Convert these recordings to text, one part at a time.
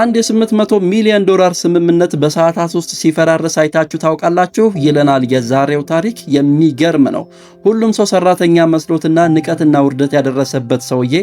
አንድ የ800 ሚሊዮን ዶላር ስምምነት በሰዓታት ውስጥ ሲፈራረስ አይታችሁ ታውቃላችሁ? ይለናል የዛሬው ታሪክ። የሚገርም ነው። ሁሉም ሰው ሰራተኛ መስሎትና ንቀትና ውርደት ያደረሰበት ሰውዬ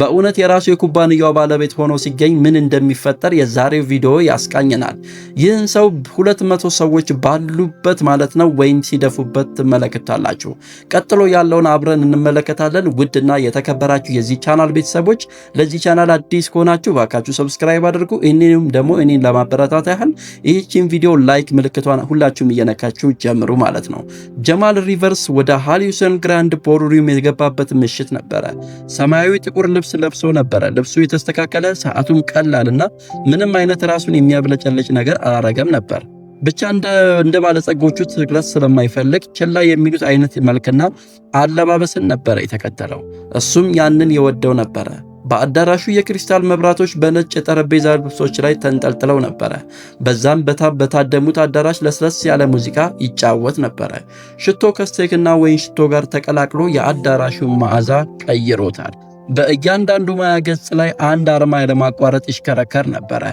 በእውነት የራሱ የኩባንያው ባለቤት ሆኖ ሲገኝ ምን እንደሚፈጠር የዛሬው ቪዲዮ ያስቃኝናል። ይህን ሰው 200 ሰዎች ባሉበት ማለት ነው ወይም ሲደፉበት ትመለከታላችሁ። ቀጥሎ ያለውን አብረን እንመለከታለን። ውድና የተከበራችሁ የዚህ ቻናል ቤተሰቦች ለዚህ ቻናል አዲስ ከሆናችሁ ባካችሁ ሰብስክራይብ አድርጉ። ይህንንም ደግሞ እኔን ለማበረታታ ያህል ይህችን ቪዲዮ ላይክ ምልክቷን ሁላችሁም እየነካችሁ ጀምሩ ማለት ነው። ጀማል ሪቨርስ ወደ ሃሊ ዊልሰን ግራንድ ቦልሩም የገባበት ምሽት ነበረ። ሰማያዊ ጥቁር ልብስ ለብሶ ነበረ። ልብሱ የተስተካከለ፣ ሰዓቱም ቀላልና ምንም አይነት ራሱን የሚያብለጨልጭ ነገር አላረገም ነበር። ብቻ እንደ ባለጸጎቹ ትኩረት ስለማይፈልግ ችላ የሚሉት አይነት መልክና አለባበስን ነበረ የተከተለው። እሱም ያንን የወደው ነበረ። በአዳራሹ የክሪስታል መብራቶች በነጭ የጠረጴዛ ልብሶች ላይ ተንጠልጥለው ነበረ። በዛም በታደሙት አዳራሽ ለስለስ ያለ ሙዚቃ ይጫወት ነበረ። ሽቶ ከስቴክና ወይን ሽቶ ጋር ተቀላቅሎ የአዳራሹን መዓዛ ቀይሮታል። በእያንዳንዱ ማያ ገጽ ላይ አንድ አርማ ያለማቋረጥ ይሽከረከር ነበረ።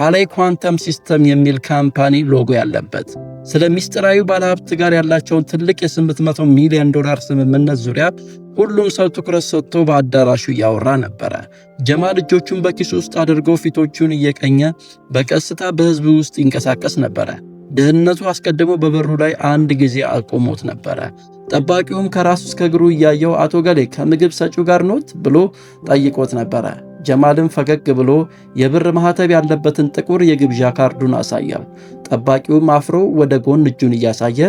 ሃላይ ኳንተም ሲስተም የሚል ካምፓኒ ሎጎ ያለበት ስለ ሚስጢራዊ ባለሀብት ጋር ያላቸውን ትልቅ የ800 ሚሊዮን ዶላር ስምምነት ዙሪያ ሁሉም ሰው ትኩረት ሰጥቶ በአዳራሹ እያወራ ነበረ። ጀማል እጆቹን በኪሱ ውስጥ አድርጎ ፊቶቹን እየቀኘ በቀስታ በህዝብ ውስጥ ይንቀሳቀስ ነበረ። ድህነቱ አስቀድሞ በበሩ ላይ አንድ ጊዜ አቆሞት ነበረ። ጠባቂውም ከራሱ እስከ እግሩ እያየው አቶ ገሌ ከምግብ ሰጪው ጋር ኖት ብሎ ጠይቆት ነበረ። ጀማልም ፈገግ ብሎ የብር ማኅተብ ያለበትን ጥቁር የግብዣ ካርዱን አሳያል። ጠባቂውም አፍሮ ወደ ጎን እጁን እያሳየ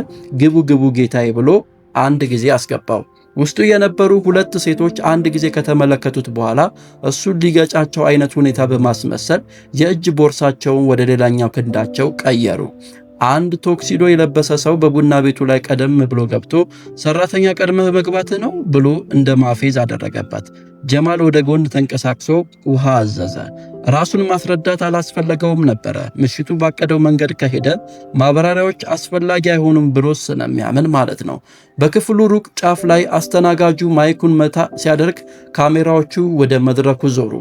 ግቡ ግቡ ጌታዬ ብሎ አንድ ጊዜ አስገባው። ውስጡ የነበሩ ሁለት ሴቶች አንድ ጊዜ ከተመለከቱት በኋላ እሱን ሊገጫቸው አይነት ሁኔታ በማስመሰል የእጅ ቦርሳቸውን ወደ ሌላኛው ክንዳቸው ቀየሩ። አንድ ቶክሲዶ የለበሰ ሰው በቡና ቤቱ ላይ ቀደም ብሎ ገብቶ ሰራተኛ ቀድመህ መግባት ነው ብሎ እንደ ማፌዝ አደረገበት። ጀማል ወደ ጎን ተንቀሳቅሶ ውሃ አዘዘ። ራሱን ማስረዳት አላስፈለገውም ነበረ። ምሽቱ ባቀደው መንገድ ከሄደ ማብራሪያዎች አስፈላጊ አይሆኑም ብሎ ስለሚያምን ማለት ነው። በክፍሉ ሩቅ ጫፍ ላይ አስተናጋጁ ማይኩን መታ ሲያደርግ ካሜራዎቹ ወደ መድረኩ ዞሩ።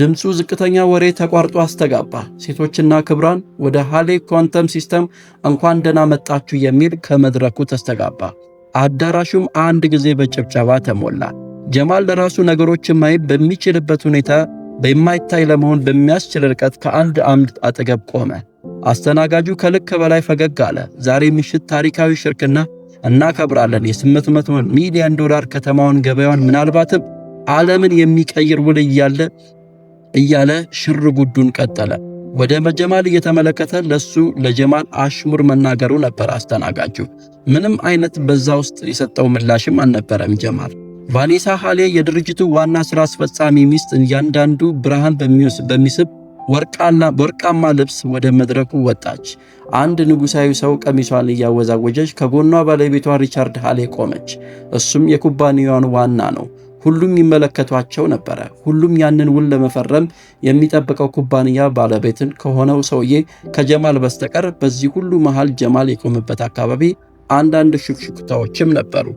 ድምፁ ዝቅተኛ ወሬ ተቋርጦ አስተጋባ። ሴቶችና ክብራን ወደ ሃሌ ኳንተም ሲስተም እንኳን ደህና መጣችሁ የሚል ከመድረኩ ተስተጋባ። አዳራሹም አንድ ጊዜ በጭብጨባ ተሞላ። ጀማል ለራሱ ነገሮችን ማየት በሚችልበት ሁኔታ በየማይታይ ለመሆን በሚያስችል ርቀት ከአንድ አምድ አጠገብ ቆመ። አስተናጋጁ ከልክ በላይ ፈገግ አለ። ዛሬ ምሽት ታሪካዊ ሽርክና እናከብራለን። የ800 ሚሊዮን ዶላር ከተማውን፣ ገበያውን፣ ምናልባትም ዓለምን የሚቀይር ውል እያለ እያለ ሽር ጉዱን ቀጠለ። ወደ ጀማል እየተመለከተ ለሱ ለጀማል አሽሙር መናገሩ ነበር አስተናጋጁ። ምንም አይነት በዛ ውስጥ የሰጠው ምላሽም አልነበረም ጀማል ቫኔሳ ሃሌ የድርጅቱ ዋና ሥራ አስፈጻሚ ሚስት እያንዳንዱ ብርሃን በሚስብ ወርቃማ ልብስ ወደ መድረኩ ወጣች። አንድ ንጉሣዊ ሰው ቀሚሷን እያወዛወጀች ከጎኗ ባለቤቷ ሪቻርድ ሃሌ ቆመች። እሱም የኩባንያዋን ዋና ነው። ሁሉም ይመለከቷቸው ነበረ። ሁሉም ያንን ውል ለመፈረም የሚጠብቀው ኩባንያ ባለቤትን ከሆነው ሰውዬ ከጀማል በስተቀር። በዚህ ሁሉ መሃል ጀማል የቆመበት አካባቢ አንዳንድ ሹክሹክታዎችም ነበሩ።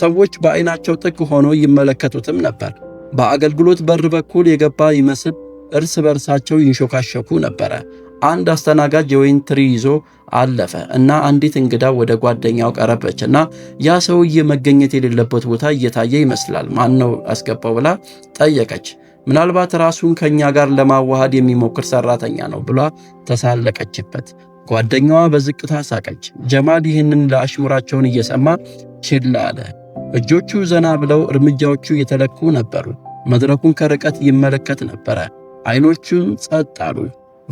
ሰዎች በዓይናቸው ጥግ ሆነው ይመለከቱትም ነበር። በአገልግሎት በር በኩል የገባ ይመስል እርስ በርሳቸው ይንሾካሸኩ ነበረ። አንድ አስተናጋጅ የወይን ትሪ ይዞ አለፈ እና አንዲት እንግዳ ወደ ጓደኛው ቀረበች እና ያ ሰውዬ መገኘት የሌለበት ቦታ እየታየ ይመስላል፣ ማን ነው አስገባው ብላ ጠየቀች። ምናልባት ራሱን ከእኛ ጋር ለማዋሃድ የሚሞክር ሰራተኛ ነው ብላ ተሳለቀችበት። ጓደኛዋ በዝቅታ ሳቀች። ጀማል ይህንን ለአሽሙራቸውን እየሰማ ችላ አለ። እጆቹ ዘና ብለው እርምጃዎቹ የተለኩ ነበሩ። መድረኩን ከርቀት ይመለከት ነበረ። አይኖቹን ጸጥ አሉ።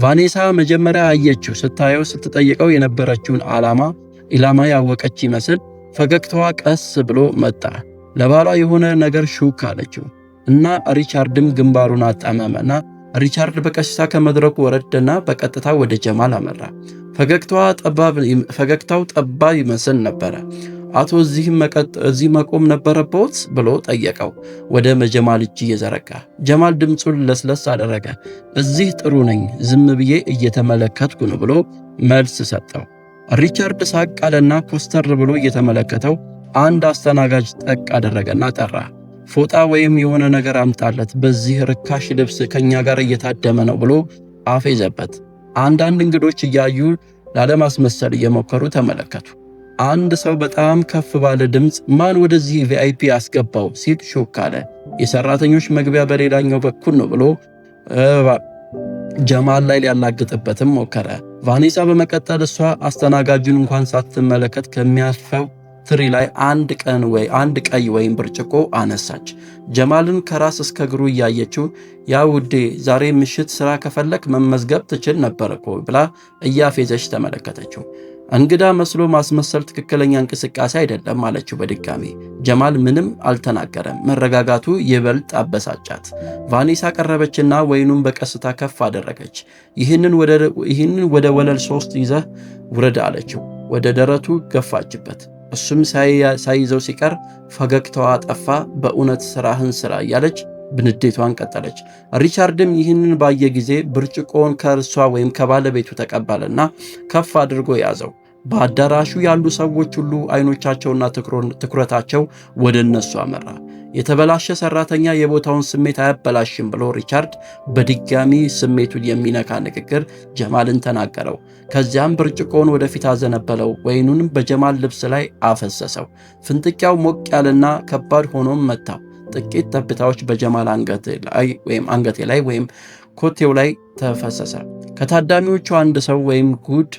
ቫኔሳ መጀመሪያ አየችው። ስታየው ስትጠይቀው የነበረችውን ዓላማ ኢላማ ያወቀች ይመስል ፈገግታዋ ቀስ ብሎ መጣ። ለባሏ የሆነ ነገር ሹክ አለችው እና ሪቻርድም ግንባሩን አጣመመና ሪቻርድ በቀስታ ከመድረኩ ወረደና በቀጥታ ወደ ጀማል አመራ። ፈገግታው ጠባብ ይመስል ነበረ። አቶ እዚህ መቆም ነበረብዎት ብሎ ጠየቀው፣ ወደ ጀማል እጅ እየዘረጋ። ጀማል ድምፁን ለስለስ አደረገ። እዚህ ጥሩ ነኝ፣ ዝም ብዬ እየተመለከትኩ ነው ብሎ መልስ ሰጠው። ሪቻርድ ሳቅ አለና ኮስተር ብሎ እየተመለከተው አንድ አስተናጋጅ ጠቅ አደረገና ጠራ። ፎጣ ወይም የሆነ ነገር አምጣለት፣ በዚህ ርካሽ ልብስ ከኛ ጋር እየታደመ ነው ብሎ አፌዘበት። አንዳንድ እንግዶች እያዩ ላለማስመሰል እየሞከሩ ተመለከቱ። አንድ ሰው በጣም ከፍ ባለ ድምፅ ማን ወደዚህ ቪአይፒ አስገባው ሲል ሹክ አለ። የሰራተኞች መግቢያ በሌላኛው በኩል ነው ብሎ ጀማል ላይ ሊያላግጥበትም ሞከረ። ቫኔሳ በመቀጠል እሷ አስተናጋጁን እንኳን ሳትመለከት ከሚያልፈው ትሪ ላይ አንድ ቀን ወይ አንድ ቀይ ወይን ብርጭቆ አነሳች። ጀማልን ከራስ እስከ እግሩ እያየችው ያ ውዴ ዛሬ ምሽት ስራ ከፈለክ መመዝገብ ትችል ነበር እኮ ብላ እያፌዘች ተመለከተችው። እንግዳ መስሎ ማስመሰል ትክክለኛ እንቅስቃሴ አይደለም አለችው በድጋሚ። ጀማል ምንም አልተናገረም። መረጋጋቱ ይበልጥ አበሳጫት። ቫኔሳ ቀረበችና ወይኑን በቀስታ ከፍ አደረገች። ይህንን ወደ ወለል ሶስት ይዘህ ውረድ አለችው። ወደ ደረቱ ገፋችበት። እሱም ሳይዘው ሲቀር ፈገግታዋ ጠፋ። በእውነት ስራህን ስራ እያለች ብንዴቷን ቀጠለች። ሪቻርድም ይህንን ባየ ጊዜ ብርጭቆውን ከእርሷ ወይም ከባለቤቱ ተቀበለና ከፍ አድርጎ ያዘው። በአዳራሹ ያሉ ሰዎች ሁሉ አይኖቻቸውና ትኩረታቸው ወደ እነሱ አመራ። የተበላሸ ሰራተኛ የቦታውን ስሜት አያበላሽም ብሎ ሪቻርድ በድጋሚ ስሜቱን የሚነካ ንግግር ጀማልን ተናገረው። ከዚያም ብርጭቆውን ወደፊት አዘነበለው፣ ወይኑንም በጀማል ልብስ ላይ አፈሰሰው። ፍንጥቂያው ሞቅ ያለና ከባድ ሆኖም መታው። ጥቂት ጠብታዎች በጀማል አንገቴ ላይ ወይም ኮቴው ላይ ተፈሰሰ። ከታዳሚዎቹ አንድ ሰው ወይም ጉድ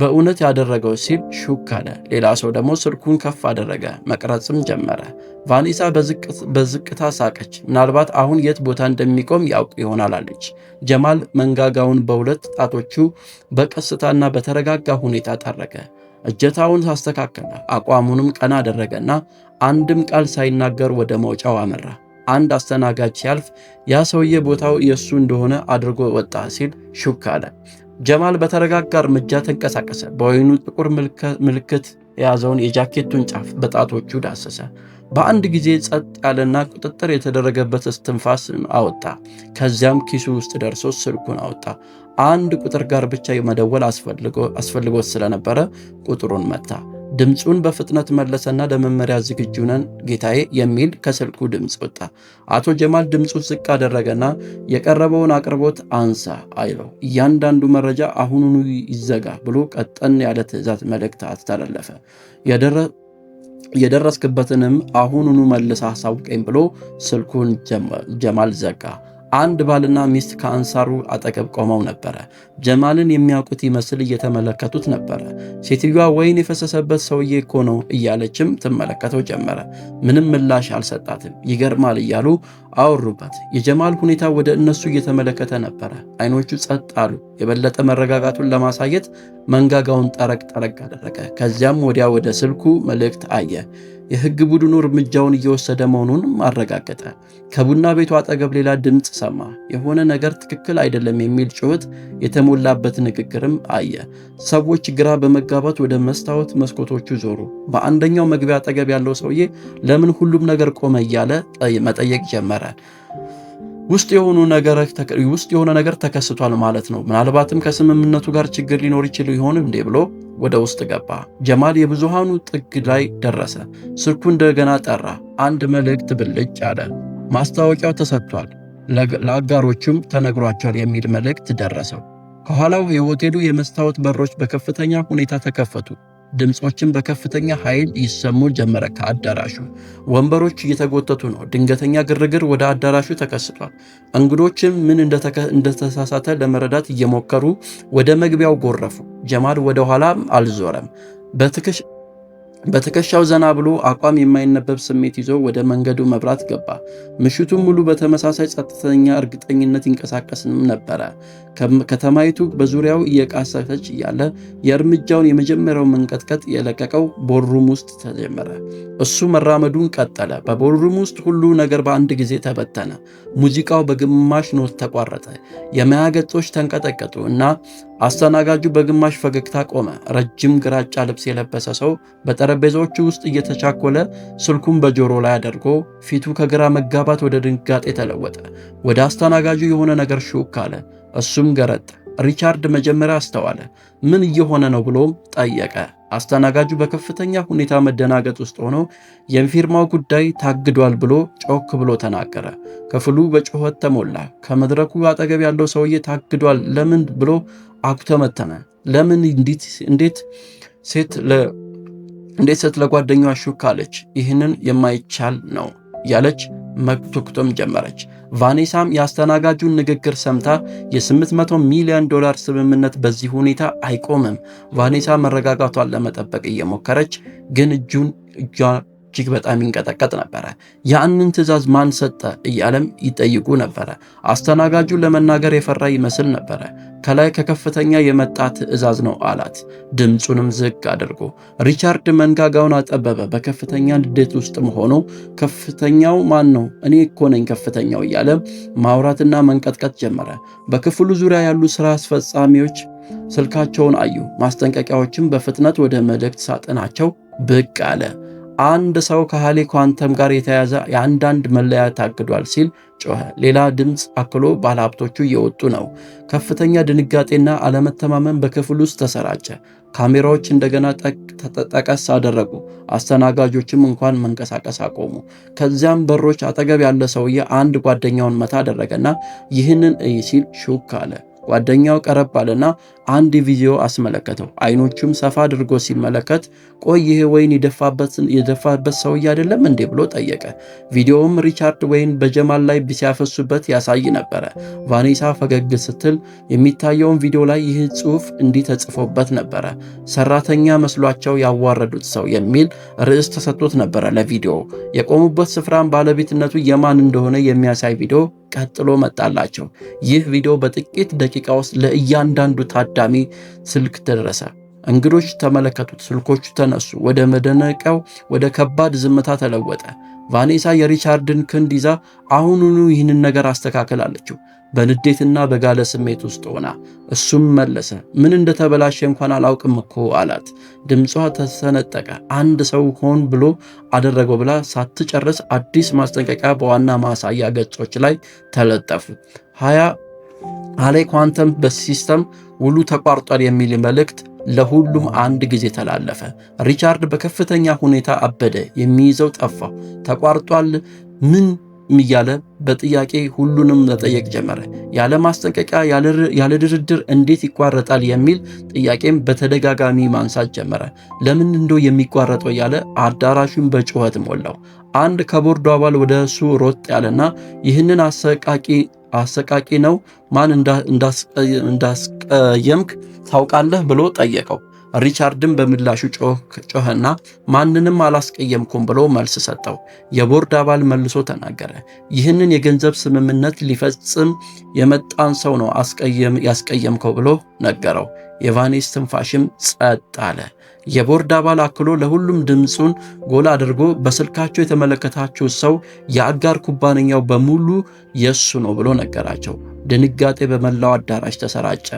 በእውነት ያደረገው ሲል ሹክ አለ። ሌላ ሰው ደግሞ ስልኩን ከፍ አደረገ፣ መቅረጽም ጀመረ። ቫኔሳ በዝቅታ ሳቀች። ምናልባት አሁን የት ቦታ እንደሚቆም ያውቅ ይሆናል አለች። ጀማል መንጋጋውን በሁለት ጣቶቹ በቀስታና በተረጋጋ ሁኔታ ጠረገ። እጀታውን አስተካከለ፣ አቋሙንም ቀና አደረገና አንድም ቃል ሳይናገር ወደ መውጫው አመራ። አንድ አስተናጋጅ ሲያልፍ ያ ሰውዬ ቦታው የእሱ እንደሆነ አድርጎ ወጣ ሲል ሹክ አለ። ጀማል በተረጋጋ እርምጃ ተንቀሳቀሰ። በወይኑ ጥቁር ምልክት የያዘውን የጃኬቱን ጫፍ በጣቶቹ ዳሰሰ። በአንድ ጊዜ ጸጥ ያለና ቁጥጥር የተደረገበት እስትንፋስ አወጣ። ከዚያም ኪሱ ውስጥ ደርሶ ስልኩን አወጣ። አንድ ቁጥር ጋር ብቻ መደወል አስፈልጎት ስለነበረ ቁጥሩን መታ። ድምፁን በፍጥነት መለሰና ለመመሪያ ዝግጁ ነን ጌታዬ የሚል ከስልኩ ድምፅ ወጣ። አቶ ጀማል ድምፁን ዝቅ አደረገና የቀረበውን አቅርቦት አንሳ አይለው፣ እያንዳንዱ መረጃ አሁኑኑ ይዘጋ ብሎ ቀጠን ያለ ትዕዛዝ መልእክት አስተላለፈ። የደረስክበትንም አሁኑኑ መልስ አሳውቀኝ ብሎ ስልኩን ጀማል ዘጋ። አንድ ባልና ሚስት ከአንሳሩ አጠገብ ቆመው ነበረ። ጀማልን የሚያውቁት ይመስል እየተመለከቱት ነበረ። ሴትዮዋ ወይን የፈሰሰበት ሰውዬ እኮ ነው እያለችም ትመለከተው ጀመረ። ምንም ምላሽ አልሰጣትም። ይገርማል እያሉ አወሩበት። የጀማል ሁኔታ ወደ እነሱ እየተመለከተ ነበረ። አይኖቹ ጸጥ አሉ። የበለጠ መረጋጋቱን ለማሳየት መንጋጋውን ጠረቅ ጠረቅ አደረገ። ከዚያም ወዲያ ወደ ስልኩ መልእክት አየ። የህግ ቡድኑ እርምጃውን እየወሰደ መሆኑን አረጋገጠ። ከቡና ቤቱ አጠገብ ሌላ ድምፅ ሰማ። የሆነ ነገር ትክክል አይደለም የሚል ጩኸት የተሞ የተሞላበት ንግግርም አየ። ሰዎች ግራ በመጋባት ወደ መስታወት መስኮቶቹ ዞሩ። በአንደኛው መግቢያ አጠገብ ያለው ሰውዬ ለምን ሁሉም ነገር ቆመ እያለ መጠየቅ ጀመረ። ውስጥ የሆነ ነገር ተከስቷል ማለት ነው። ምናልባትም ከስምምነቱ ጋር ችግር ሊኖር ይችል ይሆን እንዴ ብሎ ወደ ውስጥ ገባ። ጀማል የብዙሃኑ ጥግ ላይ ደረሰ። ስልኩ እንደገና ጠራ። አንድ መልእክት ብልጭ አለ። ማስታወቂያው ተሰጥቷል፣ ለአጋሮቹም ተነግሯቸዋል የሚል መልእክት ደረሰው። ከኋላው የሆቴሉ የመስታወት በሮች በከፍተኛ ሁኔታ ተከፈቱ። ድምፆችን በከፍተኛ ኃይል ይሰሙ ጀመረ። ከአዳራሹ ወንበሮች እየተጎተቱ ነው። ድንገተኛ ግርግር ወደ አዳራሹ ተከስቷል። እንግዶችም ምን እንደተሳሳተ ለመረዳት እየሞከሩ ወደ መግቢያው ጎረፉ። ጀማል ወደ አልዞረም። በትከሻ በትከሻው ዘና ብሎ አቋም የማይነበብ ስሜት ይዞ ወደ መንገዱ መብራት ገባ። ምሽቱን ሙሉ በተመሳሳይ ጸጥተኛ እርግጠኝነት ይንቀሳቀስንም ነበረ። ከተማይቱ በዙሪያው እየቃሰፈች እያለ የእርምጃውን የመጀመሪያው መንቀጥቀጥ የለቀቀው ቦርሩም ውስጥ ተጀመረ። እሱ መራመዱን ቀጠለ። በቦርሩም ውስጥ ሁሉ ነገር በአንድ ጊዜ ተበተነ። ሙዚቃው በግማሽ ኖት ተቋረጠ። የማያ ገጾች ተንቀጠቀጡ እና አስተናጋጁ በግማሽ ፈገግታ ቆመ። ረጅም ግራጫ ልብስ የለበሰ ሰው በጠረጴዛዎቹ ውስጥ እየተቻኮለ ስልኩን በጆሮ ላይ አድርጎ ፊቱ ከግራ መጋባት ወደ ድንጋጤ ተለወጠ። ወደ አስተናጋጁ የሆነ ነገር ሹክ አለ። እሱም ገረጠ። ሪቻርድ መጀመሪያ አስተዋለ። ምን እየሆነ ነው ብሎም ጠየቀ። አስተናጋጁ በከፍተኛ ሁኔታ መደናገጥ ውስጥ ሆኖ የፊርማው ጉዳይ ታግዷል ብሎ ጮክ ብሎ ተናገረ። ክፍሉ በጩኸት ተሞላ። ከመድረኩ አጠገብ ያለው ሰውዬ ታግዷል ለምን ብሎ አኩተመተመ። ለምን እንዴት ሴት እንዴት ሴት ለጓደኛዋ ሹክ አለች። ይህንን የማይቻል ነው ያለች መኮትኮትም ጀመረች። ቫኔሳም የአስተናጋጁን ንግግር ሰምታ የ800 ሚሊዮን ዶላር ስምምነት በዚህ ሁኔታ አይቆምም። ቫኔሳ መረጋጋቷን ለመጠበቅ እየሞከረች ግን እጁን እጇ እጅግ በጣም ይንቀጠቀጥ ነበረ። ያንን ትዕዛዝ ማን ሰጠ እያለም ይጠይቁ ነበረ። አስተናጋጁ ለመናገር የፈራ ይመስል ነበረ። ከላይ ከከፍተኛ የመጣ ትዕዛዝ ነው አላት፣ ድምፁንም ዝቅ አድርጎ። ሪቻርድ መንጋጋውን አጠበበ። በከፍተኛ ንዴት ውስጥም ሆኖ ከፍተኛው ማን ነው? እኔ እኮ ነኝ ከፍተኛው እያለ ማውራትና መንቀጥቀጥ ጀመረ። በክፍሉ ዙሪያ ያሉ ስራ አስፈጻሚዎች ስልካቸውን አዩ። ማስጠንቀቂያዎችም በፍጥነት ወደ መልእክት ሳጥናቸው ብቅ አለ። አንድ ሰው ከሃሌ ኳንተም ጋር የተያዘ የአንዳንድ መለያ ታግዷል ሲል ጮኸ። ሌላ ድምፅ አክሎ ባለሀብቶቹ እየወጡ ነው። ከፍተኛ ድንጋጤና አለመተማመን በክፍል ውስጥ ተሰራጨ። ካሜራዎች እንደገና ጠቀስ አደረጉ። አስተናጋጆችም እንኳን መንቀሳቀስ አቆሙ። ከዚያም በሮች አጠገብ ያለ ሰውዬ አንድ ጓደኛውን መታ አደረገና ይህንን እይ ሲል ሹክ አለ። ጓደኛው ቀረብ አለና አንድ ቪዲዮ አስመለከተው። አይኖቹም ሰፋ አድርጎ ሲመለከት ቆይ ይሄ ወይን የደፋበት ሰውዬ አይደለም እንዴ ብሎ ጠየቀ። ቪዲዮውም ሪቻርድ ወይን በጀማል ላይ ሲያፈሱበት ያሳይ ነበረ። ቫኔሳ ፈገግ ስትል የሚታየውን ቪዲዮ ላይ ይህ ጽሑፍ እንዲህ ተጽፎበት ነበረ። ሰራተኛ መስሏቸው ያዋረዱት ሰው የሚል ርዕስ ተሰጥቶት ነበረ ለቪዲዮ። የቆሙበት ስፍራም ባለቤትነቱ የማን እንደሆነ የሚያሳይ ቪዲዮ ቀጥሎ መጣላቸው። ይህ ቪዲዮ በጥቂት ደቂቃ ውስጥ ለእያንዳንዱ ታዳሚ ስልክ ተደረሰ። እንግዶች ተመለከቱት፣ ስልኮቹ ተነሱ፣ ወደ መደነቀው ወደ ከባድ ዝምታ ተለወጠ። ቫኔሳ የሪቻርድን ክንድ ይዛ አሁኑኑ ይህንን ነገር አስተካከላለችው። በንዴትና በጋለ ስሜት ውስጥ ሆና እሱም መለሰ። ምን እንደተበላሸ እንኳን አላውቅም እኮ አላት። ድምጿ ተሰነጠቀ። አንድ ሰው ሆን ብሎ አደረገው ብላ ሳትጨርስ አዲስ ማስጠንቀቂያ በዋና ማሳያ ገጾች ላይ ተለጠፉ። ሀያ አሌ ኳንተም በሲስተም ውሉ ተቋርጧል የሚል መልእክት ለሁሉም አንድ ጊዜ ተላለፈ። ሪቻርድ በከፍተኛ ሁኔታ አበደ። የሚይዘው ጠፋው። ተቋርጧል ምን እያለ በጥያቄ ሁሉንም መጠየቅ ጀመረ። ያለ ማስጠንቀቂያ፣ ያለ ድርድር እንዴት ይቋረጣል የሚል ጥያቄም በተደጋጋሚ ማንሳት ጀመረ። ለምን እንዶ የሚቋረጠው እያለ አዳራሹን በጩኸት ሞላው። አንድ ከቦርዱ አባል ወደ እሱ ሮጥ ያለና ይህንን አሰቃቂ አሰቃቂ ነው። ማን እንዳስቀየምክ ታውቃለህ ብሎ ጠየቀው። ሪቻርድን በምላሹ ጮኸና ማንንም አላስቀየምኩም ብሎ መልስ ሰጠው። የቦርድ አባል መልሶ ተናገረ። ይህንን የገንዘብ ስምምነት ሊፈጽም የመጣን ሰው ነው ያስቀየምከው ብሎ ነገረው። የቫኔስ ትንፋሽም ጸጥ አለ። የቦርድ አባል አክሎ ለሁሉም ድምፁን ጎላ አድርጎ በስልካቸው የተመለከታቸው ሰው የአጋር ኩባንያው በሙሉ የሱ ነው ብሎ ነገራቸው። ድንጋጤ በመላው አዳራሽ ተሰራጨ።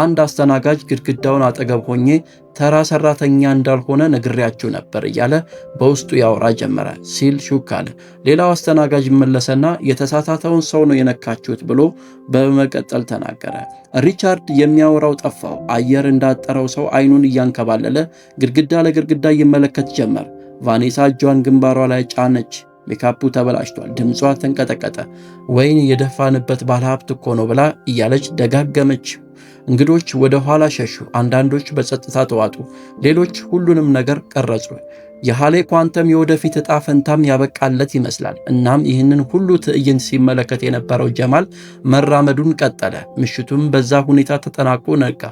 አንድ አስተናጋጅ ግድግዳውን አጠገብ ሆኜ ተራ ሰራተኛ እንዳልሆነ ነግሬያችሁ ነበር እያለ በውስጡ ያወራ ጀመረ ሲል ሹክ አለ። ሌላው አስተናጋጅ መለሰና የተሳሳተውን ሰው ነው የነካችሁት ብሎ በመቀጠል ተናገረ። ሪቻርድ የሚያወራው ጠፋው። አየር እንዳጠረው ሰው አይኑን እያንከባለለ ግድግዳ ለግድግዳ ይመለከት ጀመር። ቫኔሳ እጇን ግንባሯ ላይ ጫነች። ሜካፑ ተበላሽቷል፣ ድምጿ ተንቀጠቀጠ። ወይን የደፋንበት ባለሀብት እኮ ነው ብላ እያለች ደጋገመች። እንግዶች ወደ ኋላ ሸሹ። አንዳንዶች በጸጥታ ተዋጡ፣ ሌሎች ሁሉንም ነገር ቀረጹ። የሃሌ ኳንተም የወደፊት እጣ ፈንታም ያበቃለት ይመስላል። እናም ይህንን ሁሉ ትዕይንት ሲመለከት የነበረው ጀማል መራመዱን ቀጠለ። ምሽቱም በዛ ሁኔታ ተጠናቆ ነጋ።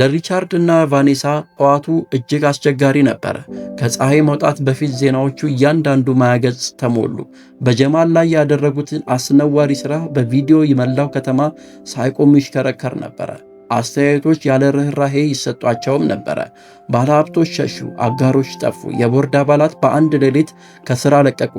ለሪቻርድ እና ቫኔሳ ጠዋቱ እጅግ አስቸጋሪ ነበረ። ከፀሐይ መውጣት በፊት ዜናዎቹ እያንዳንዱ ማያገጽ ተሞሉ። በጀማል ላይ ያደረጉትን አስነዋሪ ሥራ በቪዲዮ የመላው ከተማ ሳይቆም ይሽከረከር ነበረ። አስተያየቶች ያለ ርኅራሄ ይሰጧቸውም ነበረ። ባለሀብቶች ሸሹ፣ አጋሮች ጠፉ፣ የቦርድ አባላት በአንድ ሌሊት ከሥራ ለቀቁ።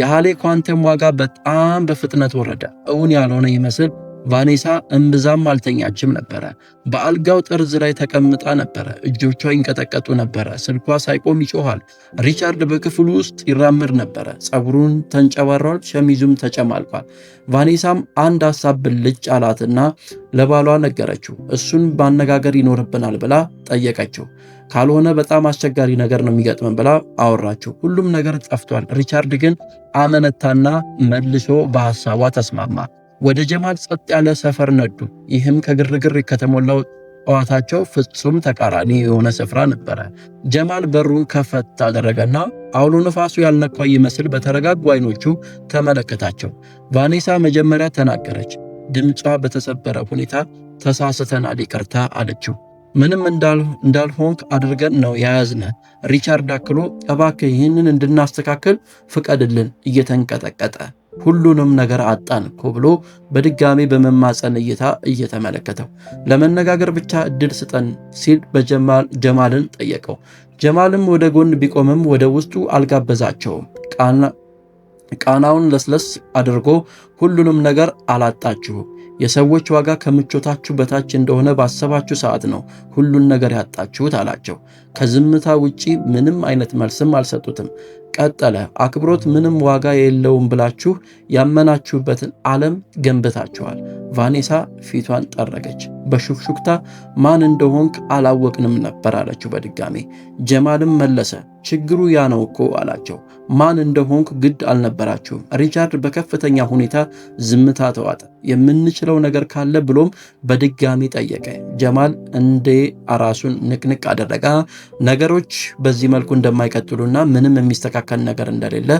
የሃሌ ኳንተም ዋጋ በጣም በፍጥነት ወረደ። እውን ያልሆነ ይመስል ቫኔሳ እምብዛም አልተኛችም ነበረ። በአልጋው ጠርዝ ላይ ተቀምጣ ነበረ። እጆቿ ይንቀጠቀጡ ነበረ። ስልኳ ሳይቆም ይጮኋል። ሪቻርድ በክፍሉ ውስጥ ይራምድ ነበረ። ጸጉሩን ተንጨባሯል፣ ሸሚዙም ተጨማልቋል። ቫኔሳም አንድ ሀሳብ ብልጭ አላትና ለባሏ ነገረችው። እሱን ማነጋገር ይኖርብናል ብላ ጠየቀችው። ካልሆነ በጣም አስቸጋሪ ነገር ነው የሚገጥመን ብላ አወራችው። ሁሉም ነገር ጠፍቷል። ሪቻርድ ግን አመነታና መልሶ በሐሳቧ ተስማማ። ወደ ጀማል ጸጥ ያለ ሰፈር ነዱ። ይህም ከግርግር ከተሞላው ጠዋታቸው ፍጹም ተቃራኒ የሆነ ስፍራ ነበረ። ጀማል በሩን ከፈት አደረገና አውሎ ነፋሱ ያልነካው ይመስል በተረጋጉ አይኖቹ ተመለከታቸው። ቫኔሳ መጀመሪያ ተናገረች። ድምጿ በተሰበረ ሁኔታ ተሳስተናል፣ ይቅርታ አለችው። ምንም እንዳልሆንክ አድርገን ነው የያዝነ። ሪቻርድ አክሎ እባክህ ይህንን እንድናስተካክል ፍቀድልን እየተንቀጠቀጠ ሁሉንም ነገር አጣን እኮ ብሎ በድጋሚ በመማፀን እይታ እየተመለከተው ለመነጋገር ብቻ እድል ስጠን ሲል ጀማልን ጠየቀው። ጀማልም ወደ ጎን ቢቆምም ወደ ውስጡ አልጋበዛቸውም። ቃናውን ለስለስ አድርጎ ሁሉንም ነገር አላጣችሁም የሰዎች ዋጋ ከምቾታችሁ በታች እንደሆነ ባሰባችሁ ሰዓት ነው ሁሉን ነገር ያጣችሁት አላቸው። ከዝምታ ውጪ ምንም አይነት መልስም አልሰጡትም። ቀጠለ። አክብሮት ምንም ዋጋ የለውም ብላችሁ ያመናችሁበትን ዓለም ገንብታችኋል። ቫኔሳ ፊቷን ጠረገች። በሹክሹክታ ማን እንደሆንክ አላወቅንም ነበር አለችው በድጋሜ። ጀማልም መለሰ ችግሩ ያ ነው እኮ አላቸው። ማን እንደሆንክ ግድ አልነበራችሁም። ሪቻርድ በከፍተኛ ሁኔታ ዝምታ ተዋጠ። የምንችለው ነገር ካለ ብሎም በድጋሚ ጠየቀ። ጀማል እንዴ ራሱን ንቅንቅ አደረጋ ነገሮች በዚህ መልኩ እንደማይቀጥሉና ምንም የሚስተካከል ነገር እንደሌለ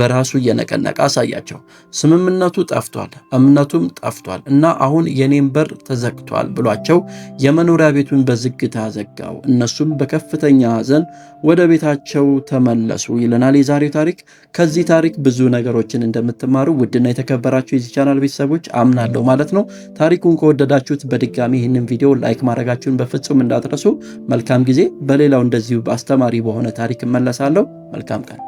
በራሱ እየነቀነቀ አሳያቸው። ስምምነቱ ጠፍቷል፣ እምነቱም ጠፍቷል እና አሁን የኔም በር ተዘግቷል ተቀብሏቸው የመኖሪያ ቤቱን በዝግታ ዘጋው። እነሱም በከፍተኛ ሐዘን ወደ ቤታቸው ተመለሱ ይለናል የዛሬው ታሪክ። ከዚህ ታሪክ ብዙ ነገሮችን እንደምትማሩ ውድና የተከበራችሁ የዚህ ቻናል ቤተሰቦች አምናለሁ ማለት ነው። ታሪኩን ከወደዳችሁት በድጋሚ ይህንን ቪዲዮ ላይክ ማድረጋችሁን በፍጹም እንዳትረሱ። መልካም ጊዜ። በሌላው እንደዚሁ አስተማሪ በሆነ ታሪክ እመለሳለሁ። መልካም ቀን